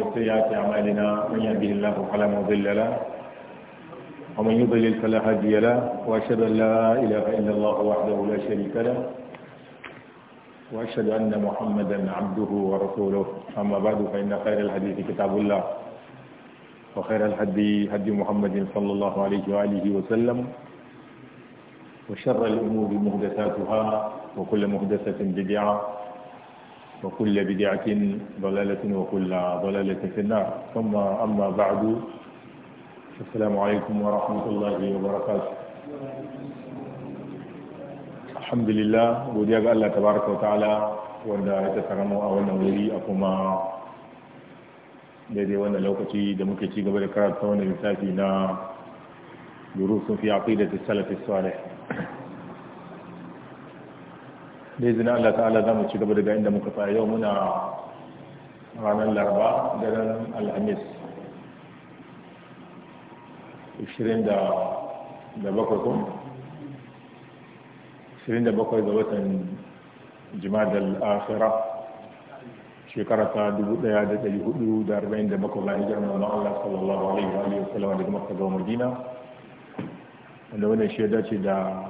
ومن سيئات أعمالنا من يهده الله فلا مضل له ومن يضلل فلا هادي له وأشهد أن لا إله إلا الله وحده لا شريك له وأشهد أن محمدا عبده ورسوله أما بعد فإن خير الحديث كتاب الله وخير الحدي هدي محمد صلى الله عليه وآله وسلم وشر الأمور محدثاتها وكل محدثة بدعة وكل بدعة ضلالة وكل ضلالة في النار ثم أما بعد السلام عليكم ورحمة الله وبركاته الحمد لله وديك الله تبارك وتعالى وندا يتسرموا أو نولي أكما لدي وانا لو كتي دمك تي قبل كرات ثوني مثالي دروس في عقيدة السلف الصالح da izinin Allah ta'ala za mu ci gaba daga inda muka fara yau muna ranar laraba daren alhamis 27 ga watan jimadar shekara ta 1447 Allah sallallahu alaihi wa daga Makka Madina wanda wannan shi ya dace da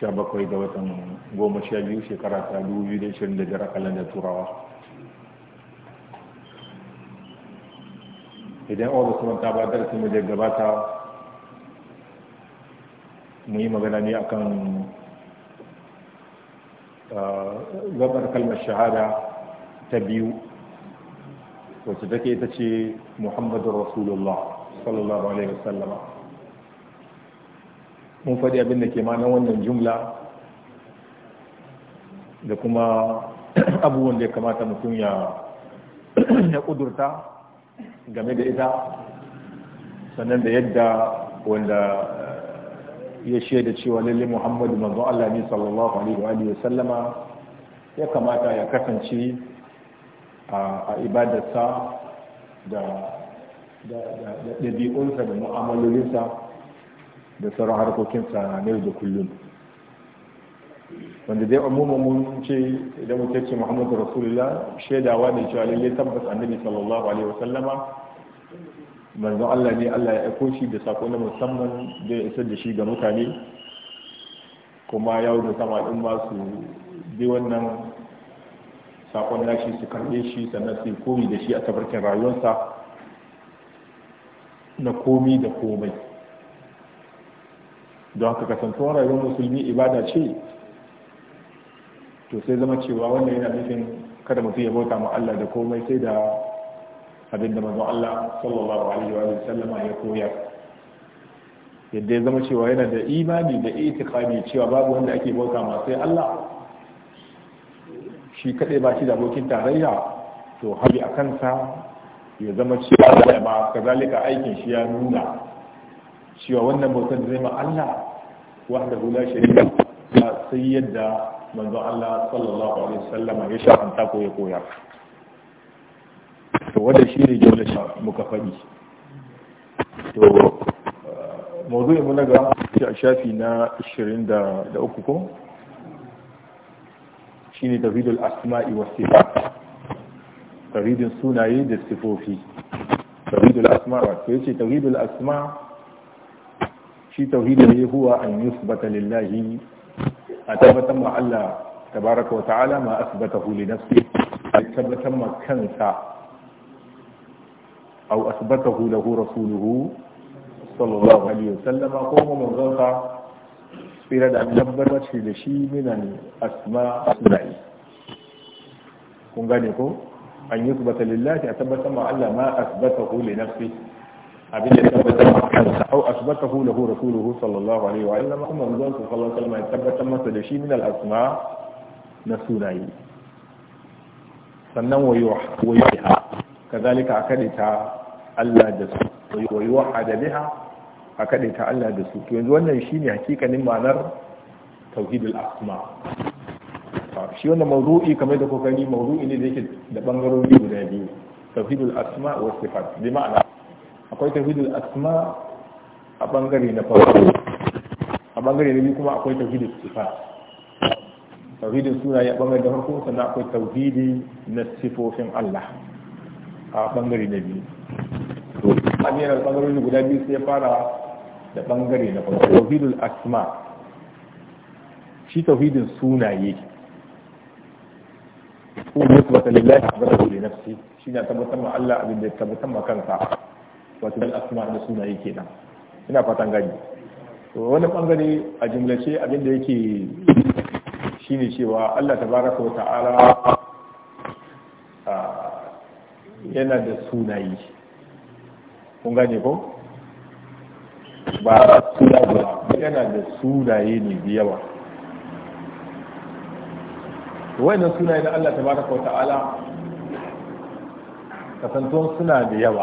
17 ga watan biyu shekara ta 2025 a kalandar turawa idan awa kuma ta ba darasi mu da gabata mu yi magana ne akan ah, gabar kalmar shahada ta biyu wacce take ita ce muhammadu rasulullah sallallahu alaihi wasallama mun faɗi abin da ke ma'anar wannan jumla da kuma abubuwan da ya kamata mutum ya ƙudurta game da ita sannan da yadda wanda eh, ya shaida cewa lalle muhammadu manzo Allah ne sallallahu alaihi wa sallama ya kamata ya kasance a ibadarsa da ɗabi'unsa da mu'amalolinsa da sauran harkokinsa na yau da kullum wanda dai amma mun ce idan mutum ce muhammadu rasulullah shaidawa ne cewa lalle tabbas annabi sallallahu alaihi wasallama manzon Allah ne Allah ya aiko shi da sako na musamman da ya isar da shi ga mutane kuma ya wuce sama in ba su bi wannan sakon nashi su karbe shi sannan su komi da shi a tabarkin rayuwarsa na komi da komai don haka kasantuwar rayuwar musulmi ibada ce to sai zama cewa wannan yana nufin kada mutum ya bauta ma Allah da komai sai da abinda mazan Allah sallallahu alaihi wa sallama ya koyar yadda ya zama cewa yana da imani da itikadi cewa babu wanda ake bauta ma sai Allah shi kadai ba shi da abokin tarayya to hali a kansa ya zama cewa ba kazalika aikin shi ya nuna cewa wannan bautar da zai ma Allah wahdahu la sharika ba sai yadda manzo Allah sallallahu alaihi wasallam ya shafanta ko ya koya to wanda shi ne jawla sha muka faɗi to uh, mawdu'in mu na ga shafi na 23 ko shine tafidul asma'i was sifat tafidin sunaye da sifofi tafidul asma' wato yace tafidul Asma'i. shi tauhidi ne huwa an yusbata lillahi a tabbatar ma Allah tabaraka wa ta'ala ma asbatahu li nafsi a tabbatar ma kansa aw asbatahu lahu rasuluhu sallallahu alaihi wa wasallama ko kuma manzon sa tsira da tabbatar shi da shi minan asma sunai kun gane ko an yusbata lillahi a tabbatar ma Allah ma asbatahu li nafsi abin da tabbatar masa kansa au asbatahu lahu rasuluhu sallallahu alaihi wa sallam kuma manzon sallallahu alaihi wa sallam ya tabbatar masa da shi min al asma na sunaye sannan wayo wayiha kazalika akadita Allah da su wayo wahada biha akadita Allah da su to yanzu wannan shine hakikanin ma'anar tauhidul asma shi wannan mawdu'i kamar da kuka gani mawdu'i ne da yake da bangarori guda biyu tauhidul asma wa sifat bi ma'ana akwai tafidul asma a bangare na farko a bangare na biyu kuma akwai tafidul sifa tafidul sunaye a bangare da farko sannan akwai tafidul na sifofin Allah a bangare na biyu A hanyar bangarori guda biyu sai fara da bangare na farko tafidul asma shi tauhidin sunaye ko ne kuma lillahi wa nafsi shi na tabbatar ma Allah abin da ya tabbatar ma kansa wato dal asma da sunaye kenan ina fatan gani to wani bangare a jumlace abinda yake shine cewa Allah tabaraka wa ta'ala yana da sunaye kun gane ko ba suna ba yana da sunaye ne da yawa wannan sunaye na Allah tabaraka wa ta'ala kasantuwan suna da yawa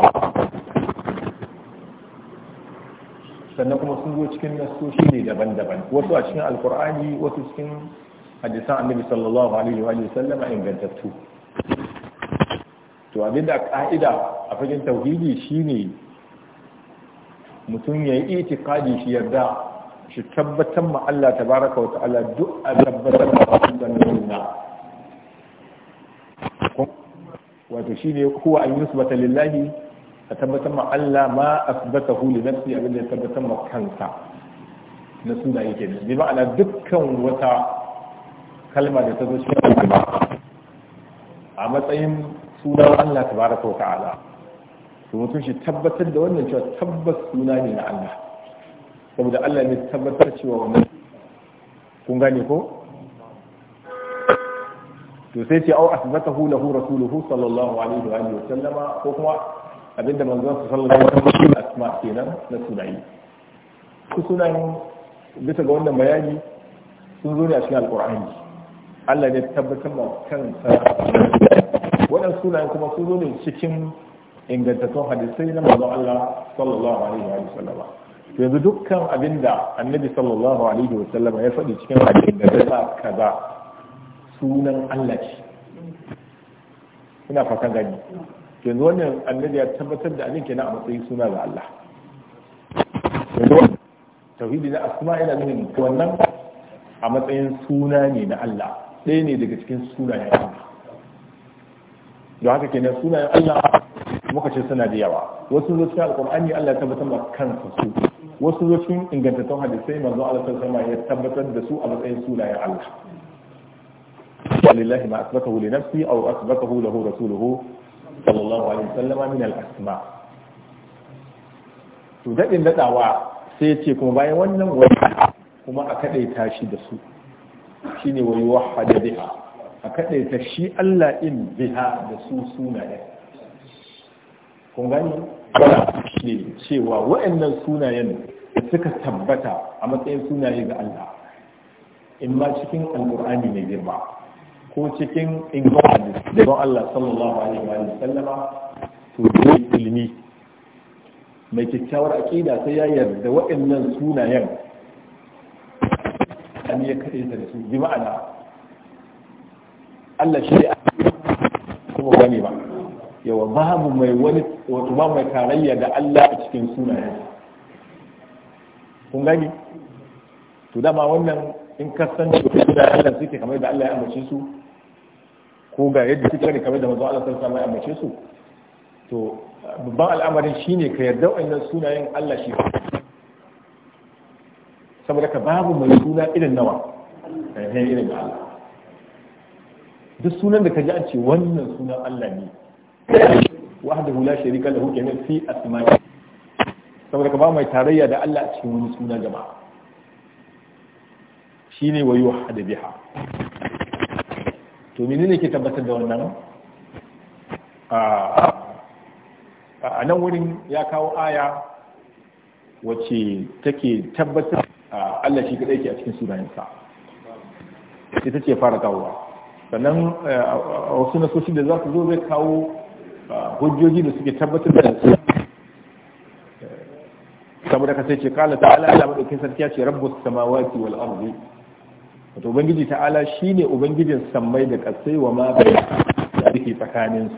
sannan kuma sun zo cikin nasoshi ne daban-daban wasu a cikin alkur'ani wasu cikin hadisan annabi sallallahu alaihi wa sallama ingantattu to da ka'ida a fagen tauhidi shine mutum ya yi itikadi shi yarda shi tabbatar ma Allah tabaraka wa ta'ala duk a tabbatar ma Allah wato shine huwa an yusbata lillahi a tabbatar ma Allah ma asbatahu li na abin da ya tabbatar ma kansa na suna yake da bi ma'ana dukkan wata kalma da ta zo shi ne a matsayin suna Allah ta tabaraka wa ta'ala to mutum shi tabbatar da wannan cewa tabbas suna ne na Allah saboda Allah ne tabbatar cewa wannan kun gane ko to sai ce au asbatahu lahu rasuluhu sallallahu alaihi wa sallama ko kuma abinda manzon su sallallahu alaihi wasallam asma kenan na sunayi su sunan bisa ga wannan bayani sun zo ne a cikin alqur'ani Allah ne tabbatar ma kansa wannan sunayen kuma sun zo ne cikin ingantattun hadisai na manzon Allah sallallahu alaihi wasallam to yanzu dukkan abinda annabi sallallahu alaihi wasallam ya faɗi cikin hadisin da ta kaza sunan Allah ce ina fatan gani yanzu wannan annabi ya tabbatar da abin kenan a matsayin suna ga Allah tauhidi na asma yana min wannan a matsayin suna ne na Allah ɗaya ne daga cikin sunayen Allah don haka kenan sunayen Allah muka ce suna da yawa wasu zo cikin alƙur'ani Allah ya tabbatar da kansa su wasu zo cikin ingantattun hadisai manzo Allah sallallahu alaihi ya tabbatar da su a matsayin sunayen Allah walillahi ma asbatahu li nafsi aw asbatahu lahu rasuluhu sallallahu alaihi wasallama min al-asma to daɗin daɗawa sai ce kuma bayan wannan wani kuma a kadaita tashi da su shine wa yuwahhada biha a ta shi Allah in biha da su sunaye kun gani ne cewa waɗannan sunayen da suka tabbata a matsayin sunaye ga Allah in ma cikin alƙur'ani mai girma ko cikin inkwari da don Allah sallallahu alaihi wa sallama to ilimi mai kyakkyawar aƙida sai ya yarda waɗannan sunayen an ya kaɗe da su bi ma'ana Allah shi a kuma gani ba yawa babu mai wani wato ba mai tarayya da Allah a cikin sunayen kun gani to dama wannan in ka san da Allah suke kamar da Allah ya amince su ko ga yadda su kare kamar da mazu Allah sallallahu alaihi ya ambace su to babban al'amarin shine ka yarda wannan sunayen Allah shi saboda ka babu mai suna irin nawa kai eh, irin Allah duk sunan da ka ji an ce wannan sunan Allah ne wahdahu la sharika lahu kenan fi asma'i saboda ka ba mai tarayya da Allah a cikin wani suna jama'a shine wayu hada biha to menene ke tabbatar da wannan a nan wurin ya kawo aya wacce take tabbatar Allah shi kadai ke a cikin sunayensa ita ce fara kawowa sannan a wasu nasoshi da za su zo zai kawo hujjoji da suke tabbatar da su saboda ka sai ce kala ta'ala ala maɗaukin sarki ya ce rabbus samawati wal ardi wato ubangiji ta'ala shine ubangijin sammai da kasai wa ma bai da yake tsakanin su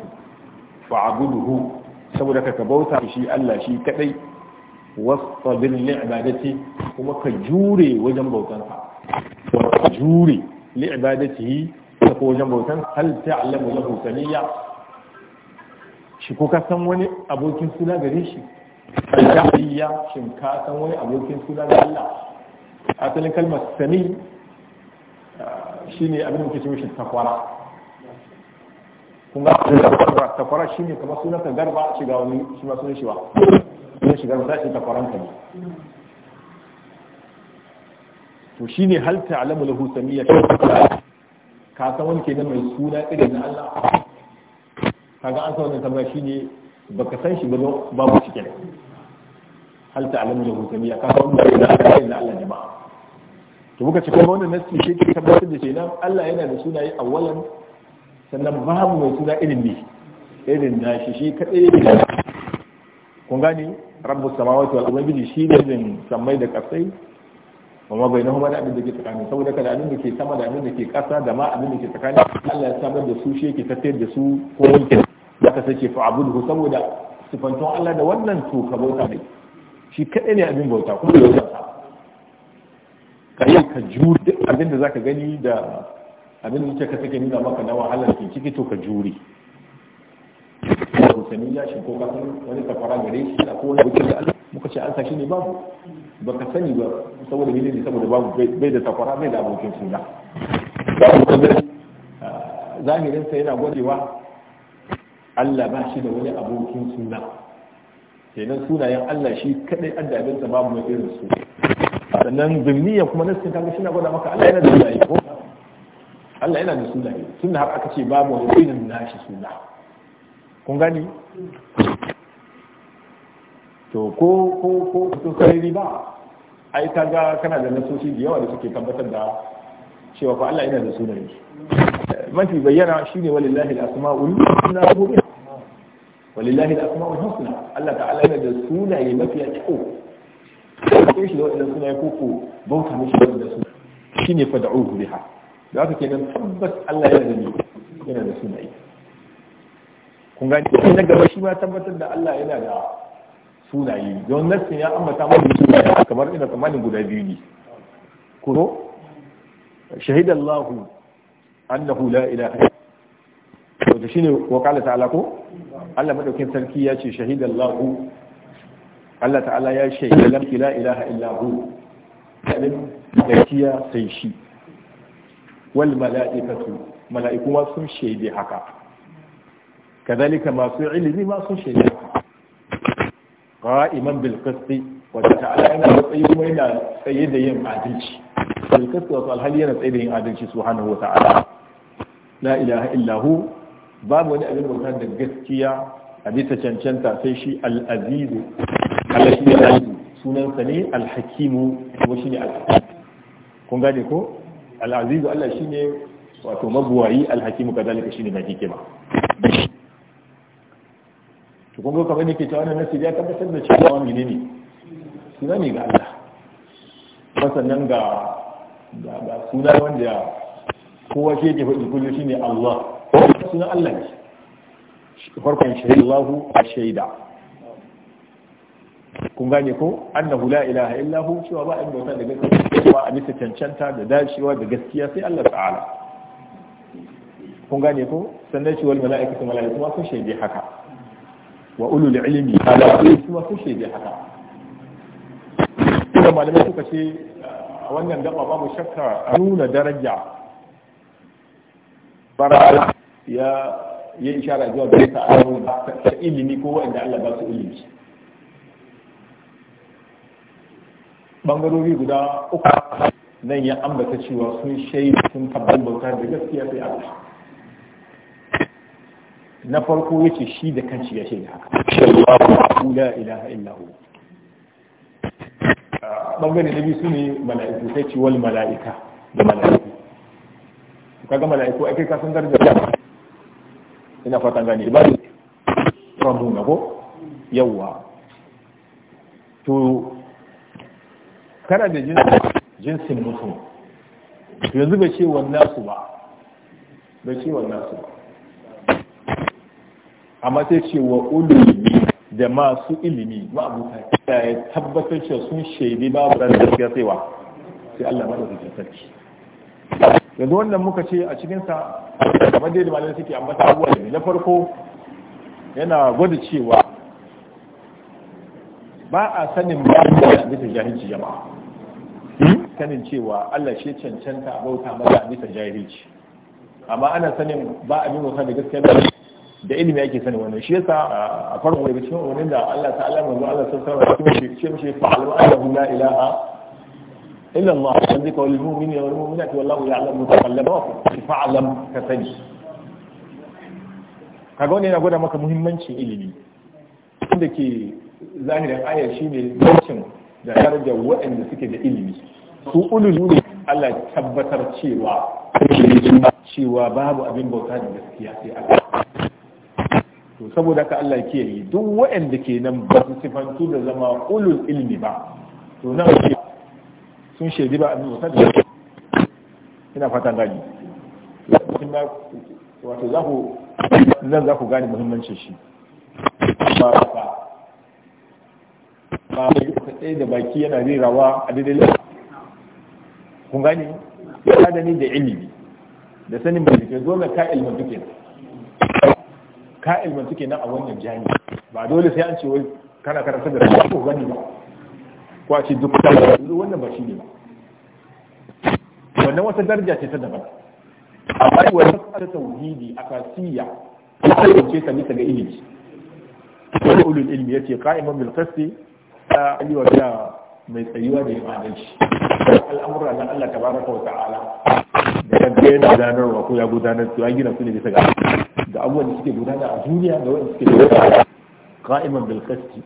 fa abuduhu saboda ka bauta shi Allah shi kadai wasabir li'ibadati kuma ka jure wajen bautansa wa jure li'ibadatihi ta ko wajen bautan hal ta'lamu lahu samiyya shi ko ka san wani abokin suna gare shi al shi ka san wani abokin suna da Allah asalin kalmar sami shine abin da muke cewa shi takwara kun ga takwara shine kamar sunan ka garba ga wani shi ma sunan shi ba sunan shi garba sai takwaran ka ne to shine hal ta'lamu lahu samiyya ka san wani kenan mai suna irin na Allah kaga an san wannan tambaya shine baka san shi ba babu cikin hal ta'lamu lahu samiyya ka san wani mai suna irin na Allah jama'a to muka ci kuma wannan nasi sai ke tabbatar da kenan Allah yana da sunaye awwalan sannan babu mai suna irin ne irin da shi shi kadai ne kun gani rabbus samawati wal ardi shi ne din sammai da kasai amma bai na da abin da ke tsakani saboda kada abin da ke sama da abin da ke kasa da ma abin da ke tsakani Allah ya samar da su shi yake tafiyar da su ko yake da ka sace fa abudu saboda sifantun Allah da wannan to ka bauta ne shi kadai ne abin bauta kuma bauta ka yi ka jure abin da zaka gani da abin da ka take nuna maka na wahalar ke ciki to ka jure rusani ya shi ko kasan wani safara gare shi a kowane wakil da Allah muka ce an sashi ne babu ba ka sani ba saboda ne saboda babu bai da safara bai da abokin suna ah, zahirinsa yana gwajewa Allah ba shi da wani abokin suna kenan sunayen Allah shi kadai an dabinsa babu mai irin su sannan zurniya kuma na cikin kaga shi na gwada maka Allah yana da sunaye ko Allah yana da sunaye tunda har aka ce babu wani irin nashi suna kun gani to ko ko ko to sai riba ai kaga kana da nasoshi da yawa da suke tabbatar da cewa fa Allah yana da sunaye mafi bayyana shine walillahi al-asma'ul husna walillahi al-asma'ul husna Allah ta'ala yana da sunaye mafi ko. ko shi da waɗannan suna ko koko bauta mishi da waɗannan suna shine ne fada uhu biha da haka kenan tabbas Allah yana da ne yana da sunaye kun gani shi na gaba shi ma tabbatar da Allah yana da sunaye don nassin ya ambata mana sunaye kamar ina tsammanin guda biyu ne ko shahida Allah annahu la ilaha illa to shine wa qala ta'ala ko Allah madaukin sarki ya ce shahida Allah ta'ala ya shaida lam ila ilaha illa hu kalim da kiya sai shi wal mala'ikatu mala'iku ma sun shaide haka kazalika masu ilimi ma sun shaidi haka qa'iman bil qisti wa ta'ala yana tsayi kuma yana tsaye da yin adalci bil qisti wa alhali yana tsaye da yin adalci subhanahu wa ta'ala la ilaha illa hu babu wani abin bauta da gaskiya a bisa cancanta sai shi al-azizu Allah shi ne alimu sunansa ne alhakimu kuma shi ne alhakimu kun gane ko al'azizu Allah shi ne wato mabuwayi alhakimu ka zalika shi ne mai hikima to kun ga kamar ne ta cewa wannan nasi ya tabbatar da cewa wani ne ne suna ne ga Allah kuma sannan ga ga suna wanda kowa shi yake faɗi shi ne Allah sunan Allah ne farkon shaidu Allahu shaida kun gane ko annahu la ilaha illa hu cewa ba inda wata da gaskiya ba a bisa cancanta da dacewa da gaskiya sai Allah ta'ala kun gane ko sannan shi wal mala'ikatu mala'iku ma sun shaidi haka wa ulul ilmi ala ma sun shaidi haka kuma malamai suka ce a wannan gaba babu shakka a nuna daraja bara ya ya ishara zuwa ga ta ilimi ko wanda Allah ba su ilimi bangarori guda uku nan ya ambata cewa sun shaida sun tabbatar bauta da gaskiya sai Allah na farko wuce shi da kanci ya shaida haka la ilaha illa hu bangare da bi su ne mala'iku sai ci wal mala'ika da mala'iku kaga mala'iku ake ka sun gargaɗa ina fatan gani ba rabbuna ko yawwa to kana da jinsin mutum yanzu bai ce wannan su ba ba ce wannan su ba amma sai ce wa ulumi da masu ilimi ma abuta ya tabbatar cewa sun shaidi babu ran gaskiya sai wa sai Allah ba da sarki yanzu wannan muka ce a cikinsa a dai da malin suke ambata abuwa da na farko yana gwada cewa ba a sanin ba da bisa jahilci jama'a sanin cewa Allah shi cancanta a bauta a bisa jahilci amma ana sanin ba a nuna wasa da gaskiya da ilimi ake sanin wannan shi yasa a farko daga cikin wannan da Allah ta ta'ala manzo Allah sallallahu alaihi wasallam shi shi fa'alu annahu la ilaha illa Allah wa zikru lil mu'minina wal mu'minati wallahu ya'lamu taqallabakum fa'lam ka sani kaga wannan yana gwada maka muhimmancin ilimi inda ke zahirin ayar shine dokin da darajar waɗanda suke da ilimi su ululu ne Allah tabbatar cewa cewa babu abin bauta da gaskiya sai Allah to saboda ka Allah ke yi duk waɗanda ke nan ba su sifantu da zama ulul ilmi ba to nan sun shaidi ba abin bauta da ina fatan gani wato za ku nan za ku gane muhimmancin shi ba ba ba da baki yana rerawa a daidai kun gane ya da ni da ilimi da sanin bai ke zo mai ka ilimin ke ka ilmantu duke na a wannan jami ba dole sai an ce wai kana karanta da rashin ko gani ba ko a ce duk da wannan ba shi ne ba wannan wata daraja ce ta daban amma wani wata ta tauhidi a kasiya ta kasance ta nisa ga ilimi wani ulul ilimi ya ce ka'iman bilkasti ta ayyuwa mai tsayuwa da yin adalci al'amura na Allah tabaraka wa ta'ala da kaga yana gudanarwa ko ya gudanar su an gina su ne bisa ga da abubuwan da suke gudanar a duniya da wani suke gudana ka'iman bil qisti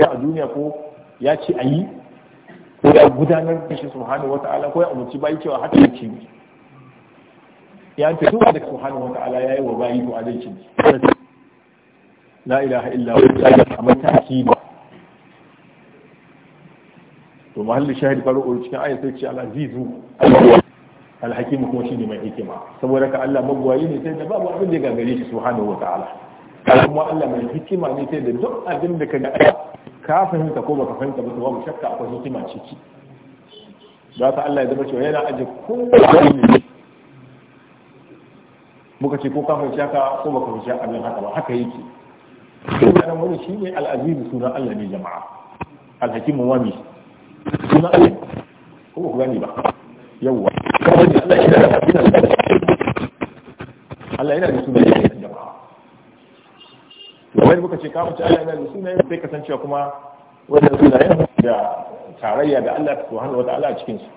a duniya ko ya ce yi, ko ya gudanar da shi subhanahu wa ta'ala ko ya umarci bayi cewa haka ya ce ya ce duk da subhanahu wa ta'ala yi wa bayi ko adalci la ilaha illa hu amma ta'kid to mahalli shahid faru'ul cikin ayat sai ce al-azizu al-hakim kuma shine mai hikima saboda ka Allah magwayi ne sai da babu abin da gagare shi subhanahu wataala kuma Allah mai hikima ne sai da duk abin da ka ga ka fahimta ko baka fahimta ba babu shakka akwai hikima ciki za ka Allah ya zama cewa yana aje ne muka ce ko ka fahimci haka ko baka fahimci abin haka ba haka yake sunan wani shine al-azizu sunan Allah ne jama'a al-hakimu wa mi suna Allah ko ku gani ba yawwa Allah yana da suna Allah yana da suna wani muka ce kawo ce Allah yana da suna sai kasancewa kuma wannan sunayen da tarayya da Allah subhanahu wata'ala a cikin su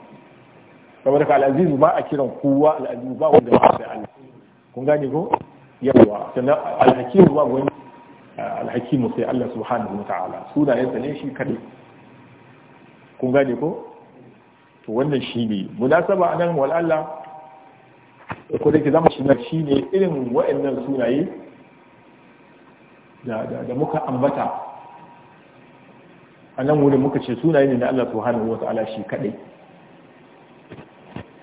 saboda ka al'azizu ba a kiran kowa al'azizu ba wanda ba sai Allah kun gane ko yawa sannan alhakimu ba wani alhakimu sai Allah subhanahu wata'ala sunayen sa ne shi kadai kun gane ko to wannan shi ne munasaba anan wal Allah ko da ke zama shi ne irin wa'annan sunaye da muka ambata a nan wurin muka ce sunaye ne na Allah subhanahu wata'ala shi kadai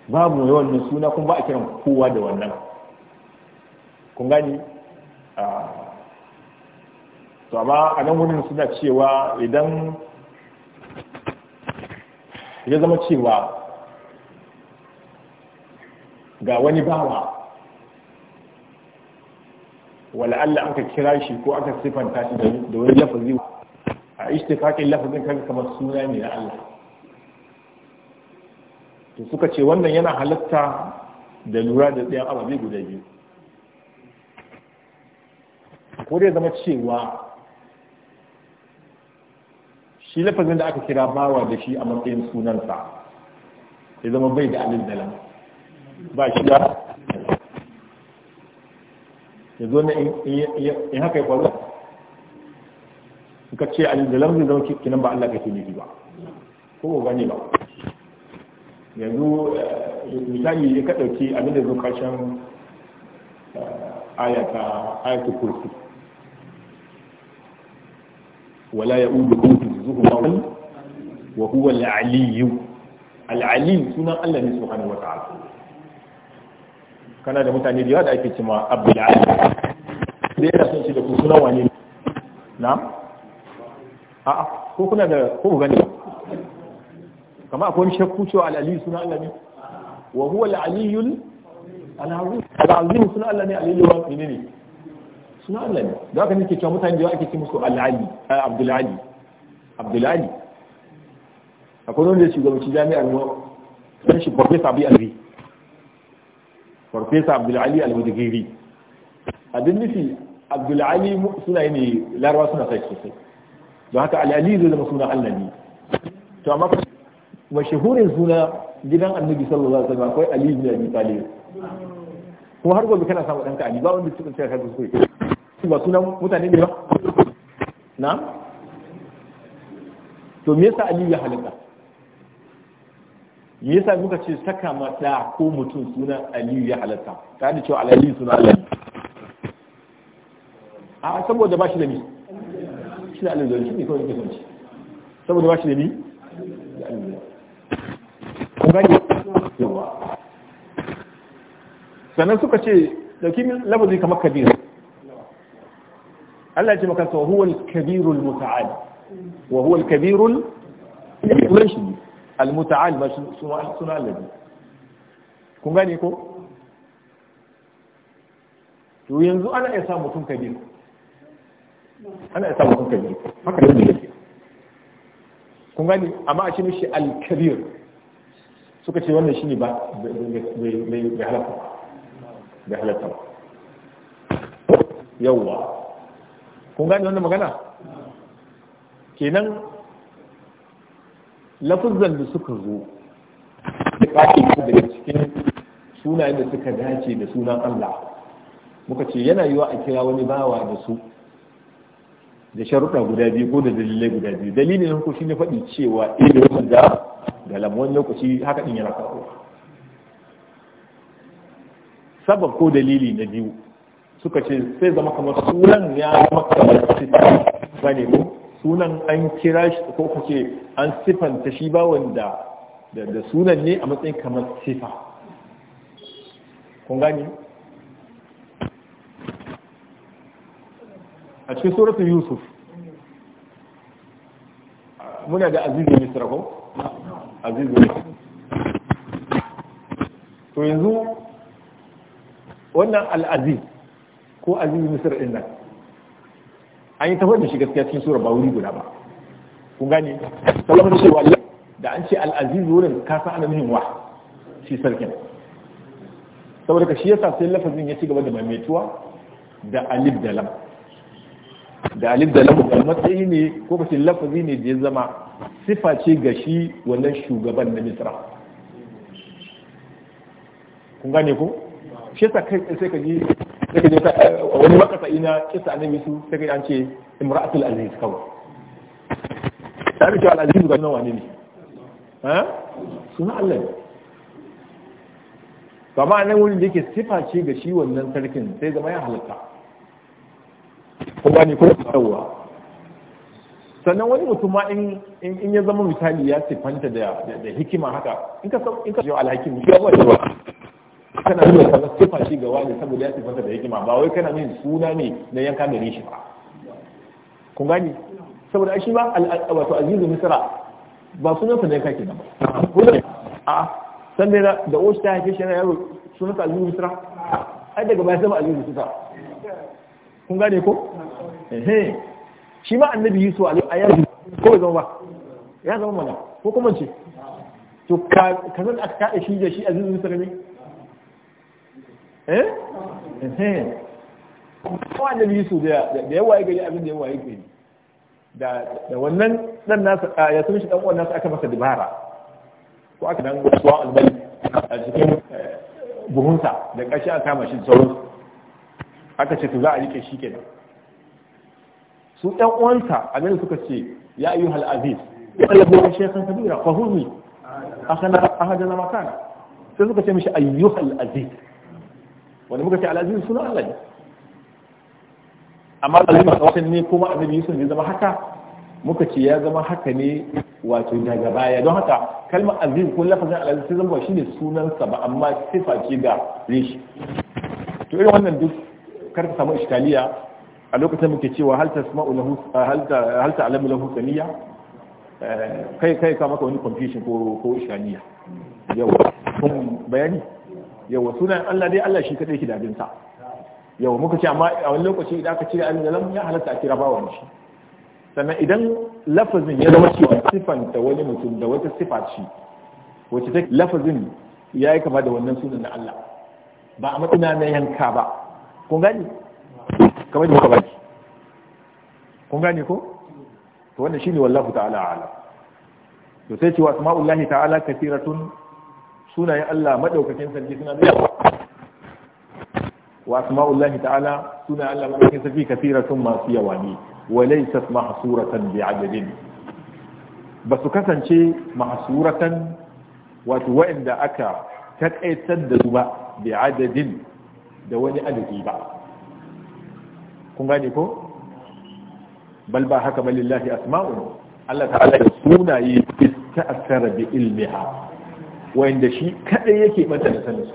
babu yawan suna kuma ba a kiran kowa da wannan kun gani ah. to amma a nan wurin suna cewa idan ya zama cewa ga wani bawa wala Allah aka kira shi ko aka sifanta shi da wani lafazi a istifakin lafazin kaga kamar suna ne na Allah to suka ce wannan yana halatta da lura da tsayan ababe guda biyu ko dai zama cewa shi lafazin da aka kira bawa da shi a matsayin sunansa ya zama bai da alil dalam ba shi da ya zo na in haka ya faru suka ce alil dalam zai zama kinan ba Allah kake nufi ba ko ba gani ba yanzu eh, misali ya kaɗauki ɗauki abin da zo ƙarshen eh, ayata ayatul kursi wala ya udu zuhuma wa huwa al-aliyyu Allah ne kana da mutane da da ake cewa abdul ko kuna da ko ku gani kama akwai shakku cewa al-aliyyu sunan Allah ne wa huwa al-aliyyu al-azim al-azim Allah ne al-aliyyu wa ne ne sunan Allah ne mutane da ake ce musu abdulali akwai wanda ya shugabanci jami'ar ɗan shi farfesa bi alwi farfesa abdulali almudagiri abin nufi abdulali suna yi ne larawa suna sai sosai don haka alali zai zama suna allah ne to amma mashahurin suna gidan annabi sallallahu alaihi wasallam akwai ali bin abi talib kuma har gobe kana samu danka ali ba wanda suka tsaya ka kuskure ba suna mutane ne ba na to me yasa aliyu ya halaka me yasa muka ce saka mata ko mutum suna aliyu ya halatta ta da cewa aliyu suna aliyu a saboda ba shi da ni shi da aliyu shi ne kawai yake sanci saboda ba shi da ni da aliyu kun gani yawa sannan suka ce dauki lafazi kamar kabir Allah ya ce maka huwa al-kabirul muta'ali وهو الكبير al-kabirul الذي suna تو kun انا ko yanzu ana iya sa mutum kabir ana sa mutum kun gani amma a cikin shi al suka ce wannan shine ba bai halatta bai halatta yawwa kun gani wannan magana kenan lafuzan da suka zo da ƙaƙi daga cikin sunaye da suka dace da sunan Allah muka ce yana yiwa a kira wani bawa da su da sharuɗa guda biyu ko da dalilai guda biyu dalilin nan ko ne faɗi cewa ɗaya eh, da da lamuwan lokaci haka ɗin yana kawo sabab ko dalili na biyu suka ce sai zama kamar sunan ya zama kamar ba bane ko sunan an kira shi ko kace an sifanta shi ba wanda da sunan ne a matsayin kamar sifa kun gani a cikin suratu yusuf muna da azizu ne ko azizu to yanzu wannan al'aziz ko azizu misir din nan an yi tafar da shi gaskiya cikin sura ba wuri guda ba kun gane sallama da cewa da an ce al'azizu wurin ka san ana nuhin wa shi sarkin saboda ka shi yasa sai lafazin ya ci gaba da maimaituwa da alif da lam da alif da lam da matsayi ne ko kace lafazi ne da ya zama sifa ce ga shi wannan shugaban na misra kun gane ko shi yasa kai sai ka ji sai ka je wani makasa ina kisa annabi su sai ka an ce imra'atul aziz kawai ta da cewa al'aziz ga nan wani ne ha suna Allah ne to amma nan wurin da yake sifa ce ga shi wannan sarkin sai zama ya halatta ko ba ne ko tsawa sannan wani mutum ma in ya zama misali ya sifanta da hikima haka in ka in ka alhakim shi ba kana nuna kaza sifa shi ga wani saboda ya sifata da hikima ba wai kana min suna ne na yanka gare shi ba kun gani saboda shi ba wato azizu misra ba sunan sa ne kake nan ba a san da da oshi ta haife shi yana yaro sunan sa azizu misra ai daga baya sai ba azizu misra kun gane ko eh shi ma annabi yusuf alaihi ayatu ko zama ba ya zama mana ko kuma ce to ka zan aka kada shi da shi azizu misra ne eh kuma annabi Yusuf da da yawa gari abin da yawa gari da da wannan dan nasa ya sun shi dan uwan aka masa dibara ko aka dan suwa albali a cikin eh, buhunsa da kashi aka kama shi sauran aka ce to za a rike shi kenan su ɗan uwansa abin suka ce ya ayyuhal aziz ya labuwa shekhan kabira fa hurmi akhana ahadana makana sai suka ce mishi ayyuhal aziz Wani muka ce al'aziz suna Allah ne amma al'azima kawasan ne kuma annabi yusuf ne zama haka muka ce ya zama haka ne wato daga baya don haka kalmar azim ko lafazin al'aziz sai zama shi ne sunansa ba amma sifa ce da rishi to irin wannan duk kar ka samu iskaliya a lokacin muke cewa hal tasma'u lahu hal alamu lahu saniya eh, kai kai ka maka wani confusion ko ko iskaliya yau kun bayani yawa sunan Allah dai Allah shi kadai ke da sa. yawa muka ce amma a wani lokaci idan aka cire alif lam ya halatta a kira bawan shi sannan idan lafazin ya zama cewa da wani mutum da wata sifa ce wacce ta lafazin ya yi kama da wannan sunan na Allah ba a matsina na yanka ba kun gani kamar da muka baki kun gane ko to wannan shine wallahu ta'ala alam to sai cewa asma'ullahi ta'ala kathiratun sunayen Allah madaukakin sarki suna da yawa wa asma'ullahi ta'ala sunayen Allah madaukakin sarki kasiratun masu yawa ne wa laysat mahsuratan bi adadin ba su kasance mahsuratan wato wa'anda aka takaitar da su ba bi adadin da wani adadi ba kun gane ko bal ba haka balillahi asma'un Allah ta'ala sunaye ista'kara bi ilmiha wanda shi kadai yake mata da sanin su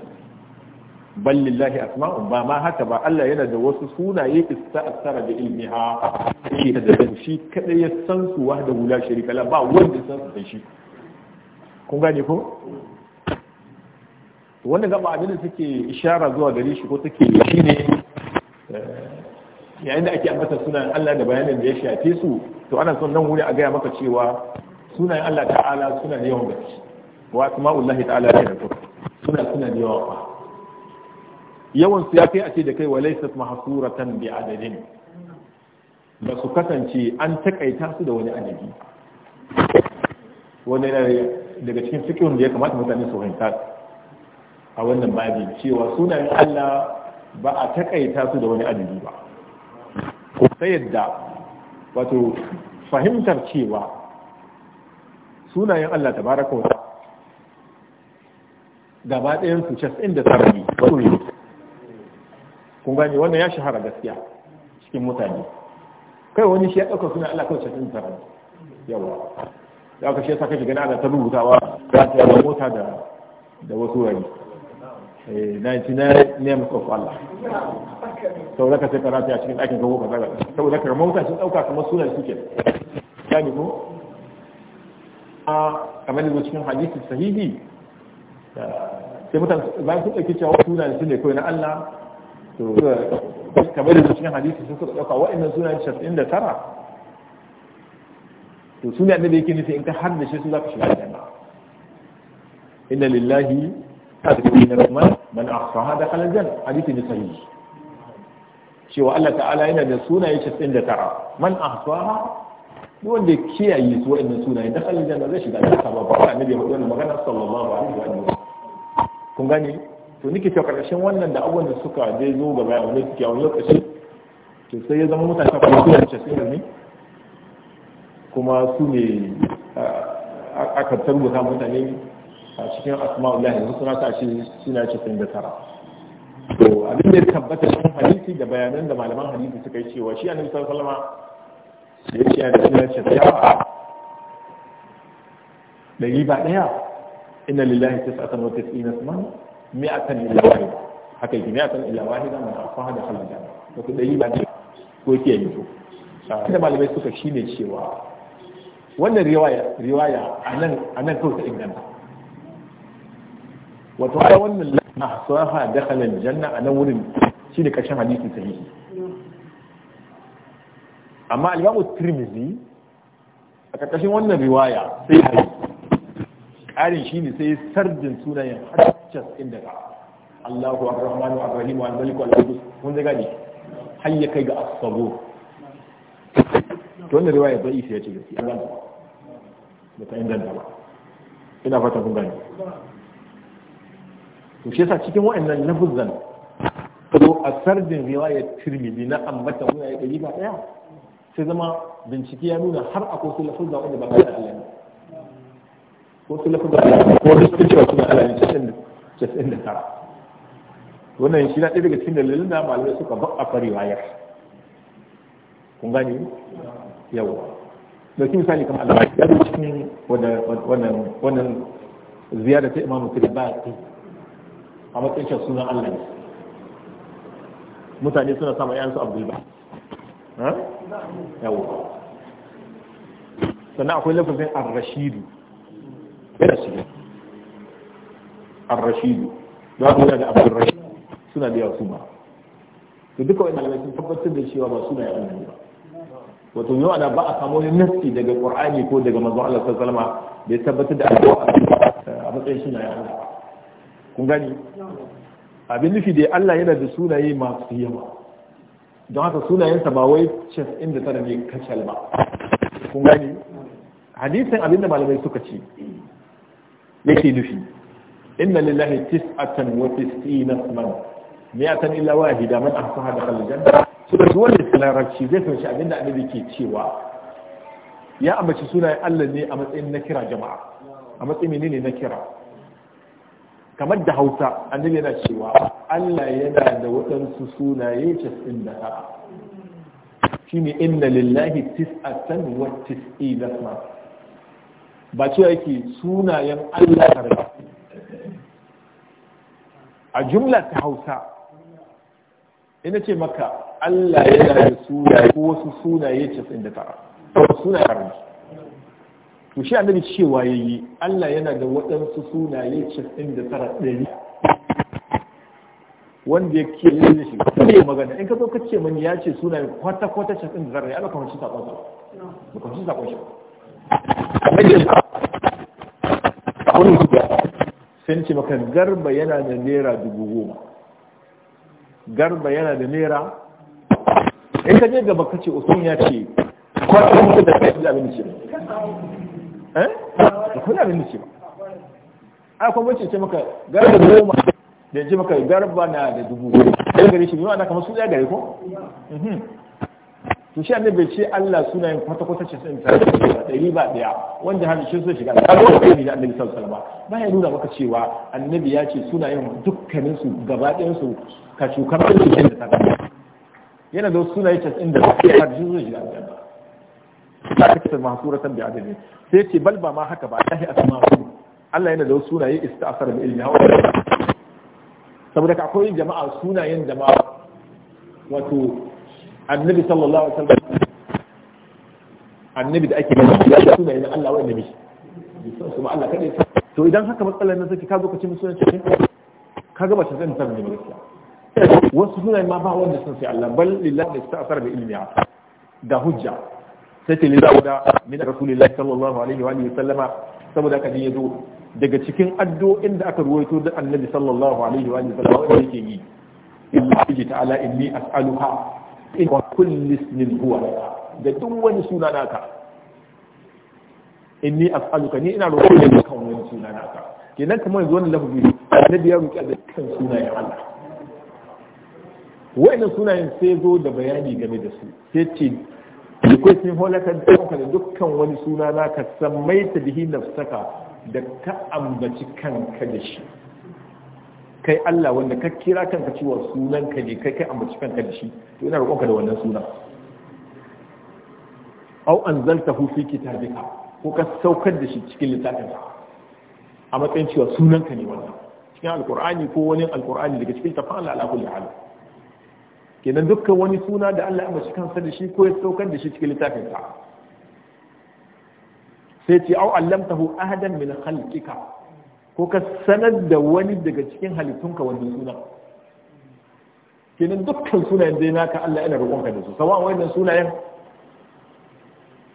ballillahi asma'un ba ma haka ba Allah yana da wasu sunaye ista'sara da ilmiha shi da shi kadai ya san su wahda hula sharika la ba wanda san su sai shi kun gane ko wannan gaba abin da take ishara zuwa gare shi ko take shine eh, yayin da ake ambata sunan Allah da bayanin da ya shafe su to ana son nan wuri a gaya maka cewa sunayen Allah ta'ala suna da yawan gaske wa asma'ullahi ta'ala ya da suna suna da yawa ba yawan su ya kai a ce da kai wa laysat mahsuratan bi adadin ba su kasance an takaita su da wani adadi wani daga cikin fikihun da ya kamata mutane su fahimta a wannan babin cewa sunan Allah ba a takaita su da wani adadi ba ta yadda wato fahimtar cewa sunayen Allah tabaraka wa gaba ɗayan su casa'in da tara ne kun gane wannan ya shahara gaskiya cikin mutane kai wani shi ya ɗauka suna Allah kawai casa'in da tara yawa da aka shi ya saka shi gani ana ta rubutawa za ta yawa mota da da wasu wani na ci na neman of Allah sau da ka sai karatu a cikin ɗakin kawo ka zaga sau da ka mota sun ɗauka kamar sunan suke ya ne ko a kamar da cikin hadisi sahihi sai mutan ba su ɗauki cewa sunayen su ne kawai na Allah to kamar da cikin hadisi sun suka ɗauka wa'annan sunayen casa'in da tara to sunayen da yake nufi in ka har da shi su za ka shiga aljanna inna lillahi tasbihi na rahman man ahsaha da kalal janna hadisi ne sahihi cewa Allah ta'ala yana da sunaye casa'in da tara man ahsaha wanda kiyaye su wa'annan sunaye da kalal janna zai shiga aljanna ba ba annabi ya faɗi wani magana sallallahu alaihi wa sallam kun gani to nike cewa karshen wannan da abubuwan da suka je zo ga a wani suke a wani lokaci to sai ya zama mutane kuma suna cikin ne kuma su ne aka tarbuta mutane a cikin ulahi yanzu suna ta shi suna cikin da tara to abin da ya tabbata cikin hadisi da bayanan da malaman hadisi suka yi cewa shi annabi sallallahu alaihi wasallam ya ce da suna cikin yawa da ba daya inna lillahi tis'atan wa tis'ina isman mi'atan illa wahida haka yake mi'atan illa wahida man afaha da halal da to dai ba ce ko ke yi to sai malamai suka shine cewa wannan riwaya riwaya anan anan kawai ta inganta wato ai wannan la sahaha dakhala aljanna anan wurin shine kashin hadisi sahihi amma al-imam tirmidhi a ƙarƙashin wannan riwaya sai hadisi karin shi ne sai sardin sunayen har casin daga Allahu ar-Rahmanu ar-Rahim wa al-Malik wa al-Qudus kun zai gani har ya kai ga Asabu. to wannan riwaya bai isa ce gaskiya an ganta ba ta inganta ba ina fata kun gani to shi yasa cikin wa'annan lafuzan to a sardin riwayar Tirmidhi na ambata ya ɗari ba ɗaya sai zama bincike ya nuna har akwai su lafuzan wanda ba ga Allah wasu lafuza ko da suka cewa suna alayin casa'in da tara wannan shi na ɗaya daga cikin dalilin da malamai suka ba a riwayar kun gane yawa dauki misali kamar alama ya zama cikin wannan ziyara ta imamu kiri ba ta a matsayin shan sunan Allah ne mutane suna sama yansu abdul ba yawa sannan akwai lafafin ar-rashidu da ba suna ba wato yau ana ba a samu wani daga ƙwar'ani ko daga Allah sallallahu salama da ya tabbatar da a matsayin suna yawa kun gani abin nufi da Allah yana da sunaye masu yawa don haka sunayensa ba wai cef inda tara ne kacal ba kun gani hadisin abinda malamai suka ce yake nufi inna lillahi tis'atan wa tis'ina man mi'atan illa wahida man ahsaha dakhala aljanna so da wani ya larabci zai san shi abinda annabi ke cewa ya ambaci sunayen Allah ne a matsayin na kira jama'a a matsayin menene na kira kamar da Hausa annabi yana cewa Allah yana da wadansu sunaye 99 shine inna lillahi tis'atan wa tis'ina man ba cewa yake sunayen Allah ta raba a jumla ta Hausa ina ce maka Allah yana da sunaye ko wasu sunaye 99 sunaye karni to shi annabi cewa yayi Allah yana da waɗansu sunaye tara ɗari wanda ya ke yin shi ya magana in ka zo ka ce mani ya ce sunaye kwata kwata 99 da Allah kamar shi sakon sa kamar shi sakon shi sun ce maka garba yana da naira dubu goma garba yana da naira in ka je gaba ka ce usman ya ce kwanan kuma da kai abin ce eh kun abin ce ba a kuma ce ce maka garba goma da ce maka garba na da dubu goma gare shi bi ana kamar su ya gare ko mhm. to shi annabi ce Allah sunayen kwata kwata ce sun tare da dari ba daya wanda har shi sun shiga da annabi da annabi sallallahu alaihi wasallam ba ya nuna maka cewa annabi ya ce sunayen dukkanin su gaba ɗayan su ka shukar da shi da ta yana da sunaye 90 da har shi sun shiga da ta kasar mahsuratan bi adadin sai ce bal ba ma haka ba lahi asma'u Allah yana da sunaye ista'sar bi ilmi hawa saboda akwai jama'a sunayen da ma wato annabi sallallahu alaihi wasallam annabi da ake gani ya da sunayen Allah wa annabi kuma Allah kadai to idan haka matsalar nan take ka zo ka ci musu ne ka ga ba ta zanta ne gaskiya wasu sunayen ma ba wanda sun sai Allah bal lillahi da ta'asar bi ilmi da hujja sai ta lida da min rasulillahi sallallahu alaihi wa sallama saboda ka ya zo daga cikin addu'o'in da aka ruwaito da annabi sallallahu alaihi wa sallama wanda yake yi illa ta'ala inni as'aluha wa kulli ismin huwa da duk wani suna naka inni as'aluka ni ina roƙo da kan wani suna naka kenan kamar yanzu wannan lafazi na biya roƙi a kan sunayen Allah wa'annan sunayen sai zo da bayani game da su sai ce akwai sun halakar da da dukkan wani suna naka sammai ta bihi nafsaka da ka ambaci kanka da shi kai Allah wanda ka kira kanka cewa sunan ka ne kai kai ambaci kanka da shi to ina roƙonka da wannan suna. sunan aw anzaltahu fi kitabika ko ka saukar da shi cikin littafin a matsayin cewa sunan ka ne wannan cikin alqur'ani ko wani alqur'ani daga cikin tafan Allah ala kulli hal kenan dukkan wani suna da Allah ya ambaci kansa da shi ko ya saukar da shi cikin littafin sa sai ce aw allamtahu ahadan min khalqika ko ka sanar da wani daga cikin halittunka wani suna kenan dukkan sunayen dai naka Allah yana roƙonka da su sawa wannan sunayen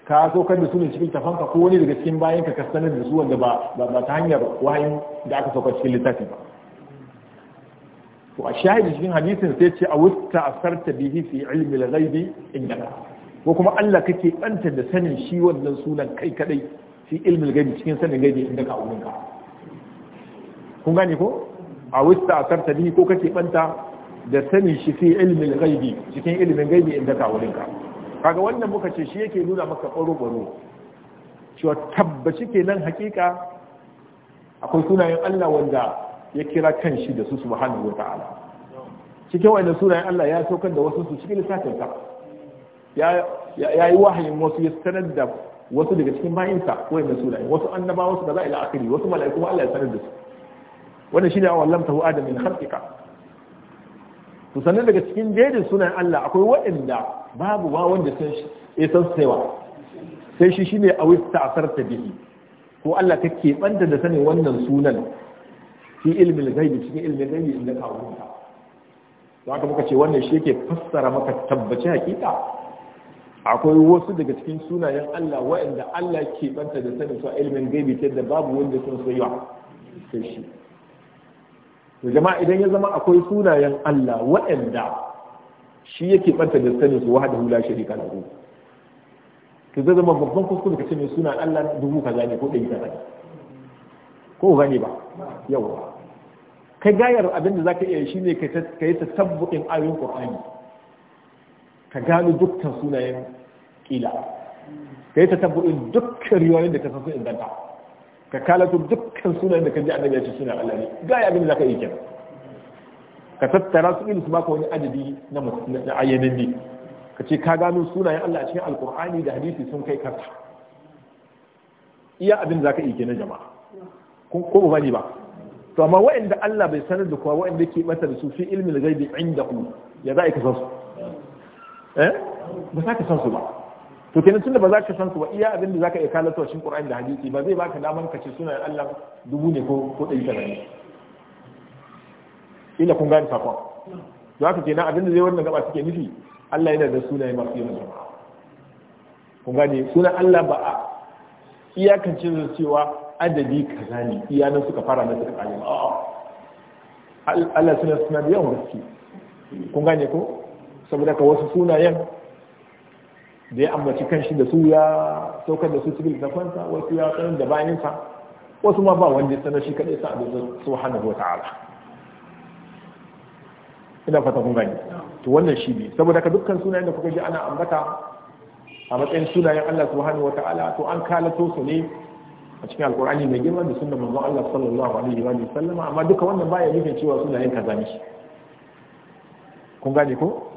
ka so kan da sunan cikin tafanka ko wani daga cikin bayan ka sanar da su wanda ba ba ta hanyar wahayin da aka sauka cikin littafi ba to a shahidi cikin hadisin sai ce a wutta asarta bihi fi ilmi al-ghaibi indaka ko kuma Allah kake banta da sanin shi wannan sunan kai kadai fi ilmi al-ghaibi cikin sanin gaibi indaka a wurinka kun gane ko a wista a karta bihi ko kake banta da sanin shi fi ilmin gaibi cikin ilmin gaibi inda ka wurin ka kaga wannan muka ce shi yake nuna maka tsoro baro cewa tabbaci kenan hakika akwai sunayen Allah wanda ya kira kan shi da su subhanahu wataala cikin wannan sunayen Allah ya saukar da wasu su cikin lissafin ka ya yi wahayin wasu ya sanar da wasu daga cikin bayinsa wa'in sunayen wasu annabawa su da za'ila ila akiri wasu mala'iku Allah ya sanar da su shi wannan shine aw allamtahu adam min khalqika to sannan daga cikin jerin sunan Allah akwai waɗanda babu wa wanda san shi ya san saiwa sai shi shi ne a shine ta'asar ta bihi ko Allah ka keɓanta da sanin wannan sunan fi ilmin gaibi cikin ilmin gaibi inda ka hukunta to haka muka ce wannan shi yake fassara maka tabbaci hakika akwai wasu daga cikin sunayen Allah waɗanda Allah ke banta da sanin su a ilimin gaibi ta da babu wanda sun soyuwa sai shi to jama'a idan ya zama akwai sunayen Allah waɗanda shi yake ɓanta da sanin su wahada hula shari'a na ruhu to zai zama babban kuskure ka ce mai suna Allah dubu kaza ne ko ɗari kaza ne ko gane ba yawa kai gayar abin da zaka iya shi ne ka yi tasabbu'in ayoyin Qur'ani ka gano dukkan sunayen kila ka yi tasabbu'in dukkan riwayoyin da ka san su inganta ka kalato dukkan sunan da ka ji annabi ya ce suna Allah ne ga ya abin da zaka yi kin ka tattara su ilu su baka wani adadi na na ayyanin ne ka ce ka gano sunayen Allah a cikin alkur'ani da hadisi sun kai karta. iya abin zaka yi kin jama'a ko ba ni ba to amma waɗanda Allah bai sanar da kowa waɗanda ke bata da su fi ilmi da gaibi inda ku ya za a ka san su eh ba za ka san su ba to kenan tunda ba za ka san su ba iya abin da za ka iya kalato cikin ƙura'in da hadisi ba zai ba ka daman ka ce sunan Allah dubu ne ko ko ɗari tara ne ila kun gane sakon za ka kenan abin da zai wannan gaba suke nufi Allah yana da sunaye masu yi jama'a kun gane sunan Allah ba a iyakance da cewa adadi kaza ne iya nan suka fara na suka kare Allah suna suna da yawan gaske kun gane ko saboda ka wasu sunayen da ya ambaci kanshi da su ya saukar da su cikin kwanta, wasu ya tsanin da bayaninsa wasu ma ba wanda ya sanar shi kaɗai sa abin hana ko ta'ala ina fata kun gani to wannan shi ne saboda ka dukkan sunayen da kuka ji ana ambata a matsayin sunayen Allah subhanahu wa ta'ala to an kalato su ne a cikin alkur'ani mai girma da sunnar manzon Allah sallallahu alaihi wa sallama amma duka wannan baya nufin cewa sunayen kaza ne kun gane ko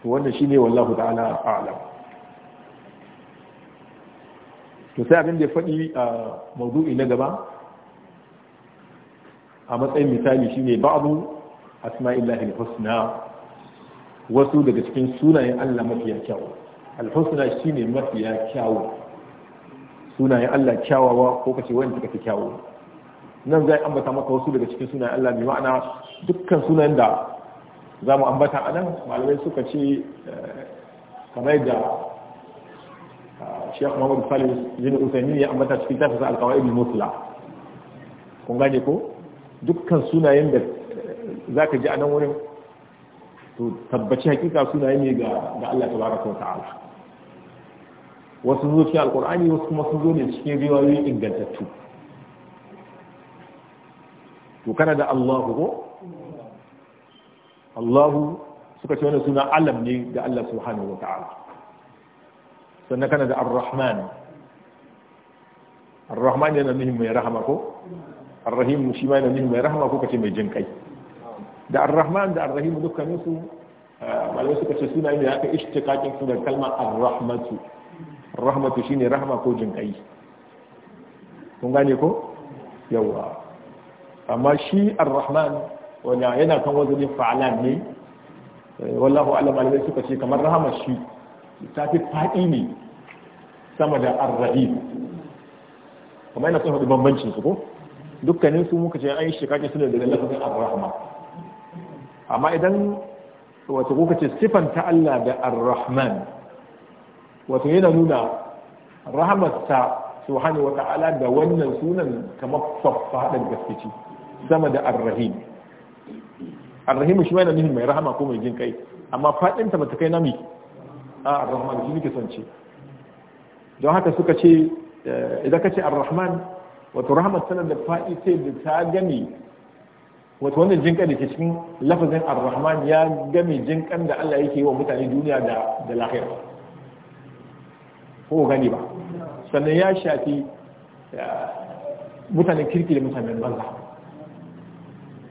to wannan shi ne wallahu ta'ala a'lam to sai abin da ya faɗi a maudu'i na gaba a matsayin misali shine ba'du asma'illahi al-husna wasu daga cikin sunayen Allah mafiya kyawu al-husna shine mafiya kyawu sunayen Allah kyawawa ko kace wani suka fi kyawu nan zai ambata maka wasu daga cikin sunayen Allah bi ma'ana dukkan sunayen da za mu ambata a nan malamai suka ce eh, kamar da Sheikh Muhammad Salih bin Uthaymeen am ta cikin tafsir al-qawaid al-mutla Ko gane ko dukkan sunayen da eh, zaka ji a wurin to tabbaci hakika sunaye ne ga ga Allah tabaraka wa ta'ala wasu zo cikin alqur'ani wasu kuma sun zo ne cikin riwayoyi ingantattu to kana da Allah ko Allah suka ce wannan suna alam ne ga Allah subhanahu wa ta'ala sannan kana da ar-rahman ar-rahman yana nufin mai rahama ko ar-rahim shi ma yana nufin mai rahama ko kace mai jin da ar-rahman da ar-rahim dukkanin su ah, malamai suka ce suna ne aka ishtiqaqin su da kalmar ar-rahmatu ar-rahmatu shine rahama ko jin kun gane ko yawa amma shi ar-rahman wanda yana kan wazanin fa'alan ne eh, wallahu a'lam malamai suka ce kamar rahama shi tafi faɗi ne sama da arrahim kuma yana son haɗu bambancin su ko dukkanin su muka ce an yi shekaki suna daga lafazin arrahma amma idan wata kuka ce ta Allah da arrahman wato yana nuna rahamarsa subhanahu wa ta'ala da wannan sunan kamar faffaɗar gaskici sama da arrahim arrahim shi yana nufin mai rahama ko mai jin kai amma faɗinta ba ta kai nami a ar-rahman shi nake son ce don haka suka ce eh, idan ka ce ar-rahman wato rahmat tana da fa'i ce da ta gami wato wannan jinkan da ke cikin lafazin ar-rahman ya gami jinkan da Allah yake yi wa mutane duniya da da lahira ko gani ba sannan ya shafi eh, mutanen kirki da mutanen banza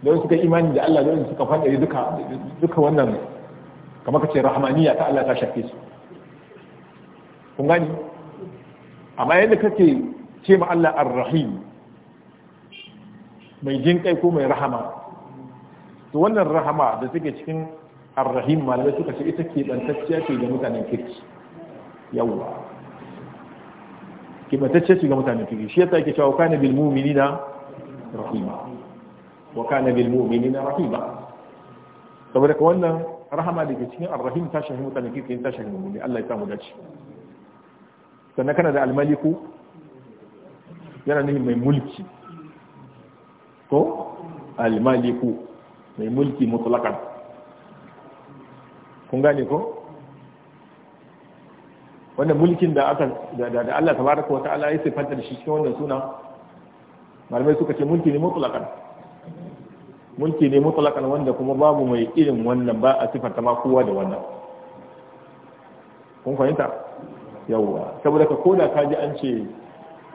don suka imani da Allah don suka faɗi duka duka wannan kamar kace rahmaniya ta Allah ta shafe su kun gani amma yadda kake ce ma Allah ar-rahim mai jin kai ko mai rahama to wannan rahama da take cikin ar-rahim malamai suka ce ita ke bantacciya ce ga mutanen kirki yawa ke bantacciya ce ga mutanen kirki shi yasa yake cewa kana bil mu'minina rahima wa kana bil mu'minina rahima saboda ka wannan rahama da ke cikin arrahim ta shahi mutane kai ta shahi mummuni Allah ya samu dace sannan kana da almaliku yana nufin mai mulki ko almaliku mai mulki mutlakan kun gane ko wannan mulkin da aka da Allah tabaraka wa ta'ala ya sifanta da shi cikin wannan suna malamai suka ce mulki ne mutlakan mulki ne mutlaqan wanda kuma babu mai irin wannan ba a sifarta ma kowa da wannan kun fahimta yawa saboda ka koda ka ji an ce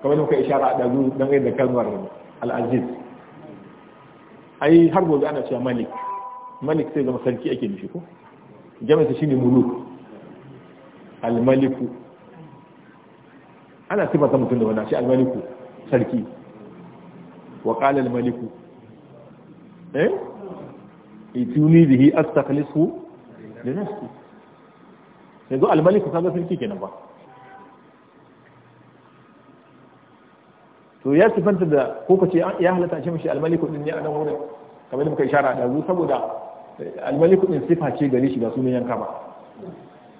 kamar muka ishara a zu dan da kalmar al-aziz ai har gobe ana cewa malik malik sai zama sarki ake nufi ko jami'a shine muluk al-maliku ana sifarta mutum da wannan shi al-maliku sarki wa qala al-maliku eh ituni bihi astakhlisu li nafsi yanzu almaliku kaga sarki kenan ba to ya sifanta da ko kace ya halatta shi mishi almaliku din ne a nan wurin kamar da muka ishara da zu saboda eh, almaliku din sifa ce gare shi ba sunan yanka ba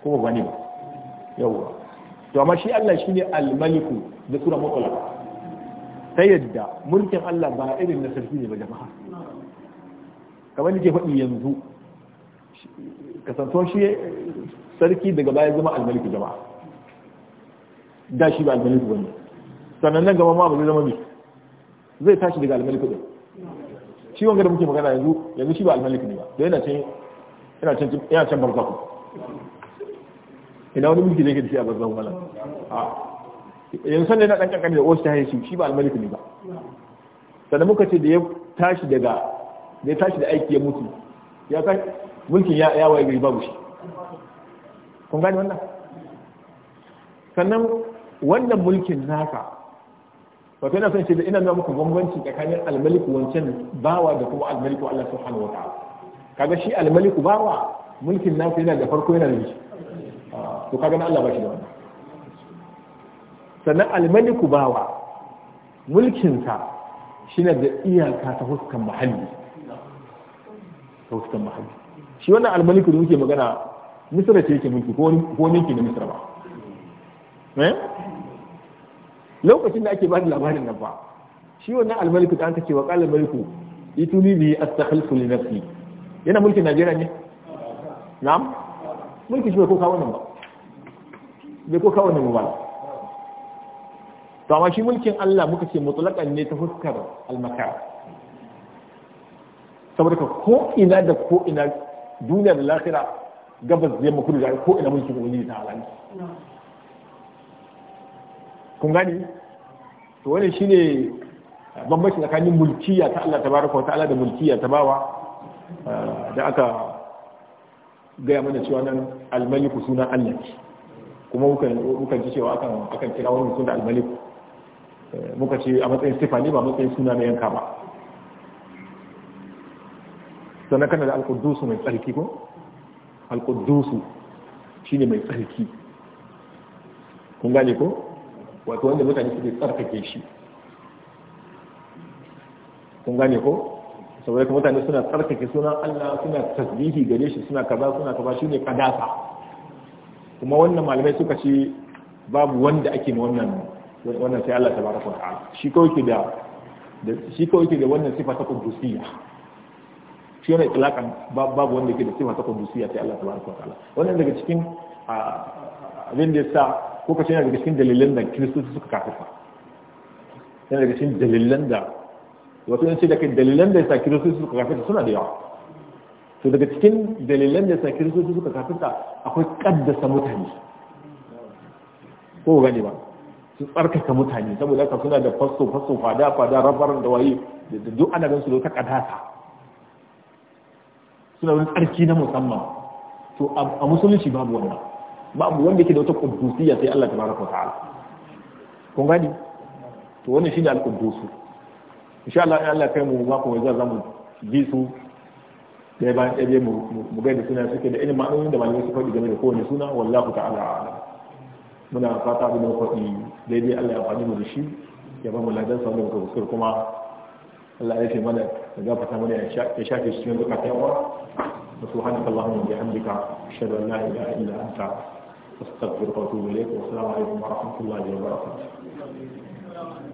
ko ba ne ba yawwa to amma shi Allah shine almaliku da sura mutlaq ta yadda mulkin Allah ba irin na sarki ne ba jama'a kamar ke faɗi yanzu kasantuwar shi sarki daga baya zama almaliku jama'a da shi ba almaliku ne. sannan nan gaba ma ba zai zama ne zai tashi daga almaliku ɗin. shi wanga da muke magana yanzu yanzu shi ba almaliku ne ba da yana can yana can yana can barzaku ina wani mulki ne ke da shi a barzaku mala yanzu sannan yana ɗan kankan da wasu ta haihu shi ba almaliku ne ba sannan muka ce da ya tashi daga da ya tashi da aiki ya mutu ya kai mulkin ya ya waye babu shi kun gane wannan sannan wannan mulkin naka wato yana son shi da ina nuna muku bambanci tsakanin almaliku wancan bawa da kuma almaliku Allah subhanahu wa ta'ala kaga shi almaliku bawa mulkin nasa yana da farko yana da shi to kaga na Allah ba shi da wannan sannan almaliku bawa mulkinsa shi na da iyaka ta huskan muhalli ta mahalli shi wannan almaliku da muke magana misra ce yake mulki ko ne ke da misra ba eh? lokacin da ake bada labarin nan ba shi wannan almaliku da an ce wa qala maliku ituni bi astakhlifu li nafsi yana mulkin Najeriya ne na'am mulki shi ko kawo nan ba bai ko kawo nan ba to amma shi mulkin Allah muka ce mutlaqan ne ta fuskar almakar saboda ka ko ina da ko ina duniya da lafira gabas zai makudu da ko ina mulkin wani ta halayi kun gani to wannan shine bambanci tsakanin mulkiya ta Allah tabaraka wa ta'ala da mulkiya ta bawa eh, da aka gaya mana cewa nan almaliku sunan Allah ce kuma muka ji cewa akan kira wani sunan da almaliku eh, muka ce a matsayin sifa ba matsayin suna na yanka ba sannan kana da alƙudusu mai tsarki ko alƙudusu shi ne mai tsarki kun gane ko wato wanda mutane suke tsarkake shi kun gane ko saboda kuma mutane suna tsarkake sunan Allah suna tasbihi gare shi suna kaza suna kaza shi ne kadasa kuma wannan malamai suka ce babu wanda ake ma wannan wannan sai Allah ta wa ta'ala shi kawai ke da shi kawai ke da wannan sifa ta qudusiyya shi yana itlaqan babu wanda ke da sifa ta qudusiyya sai Allah tabaraka wa ta'ala wannan daga cikin abin da yasa ko kace yana daga cikin dalilan da kiristoci suka kafafa yana daga cikin dalilan da wato yace da kai dalilan da yasa kiristoci suka kafa suna da yawa to daga cikin dalilan da yasa kiristoci suka kafa akwai kaddasa mutane ko gani ba su tsarkaka mutane saboda haka suna da fasso-fasso, fada fada rabar da waye da duk ana ganin su ta kadasa suna wani tsarki na musamman to a musulunci babu wannan babu wanda yake da wata kudusiyya sai Allah tabaraka wa ta'ala kun gani to wannan shine al-qudusu insha Allah in Allah kai mu ba ku wajen zamu bi su da bayan ɗaya mu da suna suke da irin ma'anoni da malamai su faɗi game da kowane suna wallahu ta'ala muna fata abin da faɗi daidai Allah ya faɗi mu da shi ya ba mu ladan sa wanda muka kuskure kuma Allah ya ce mana da gafarta mana ya shafe su cikin zukatan yawa da subhanaka allahumma wa bihamdika ashhadu an la ilaha illa anta astaghfiruka wa atubu wa assalamu alaikum wa rahmatullahi wa barakatuh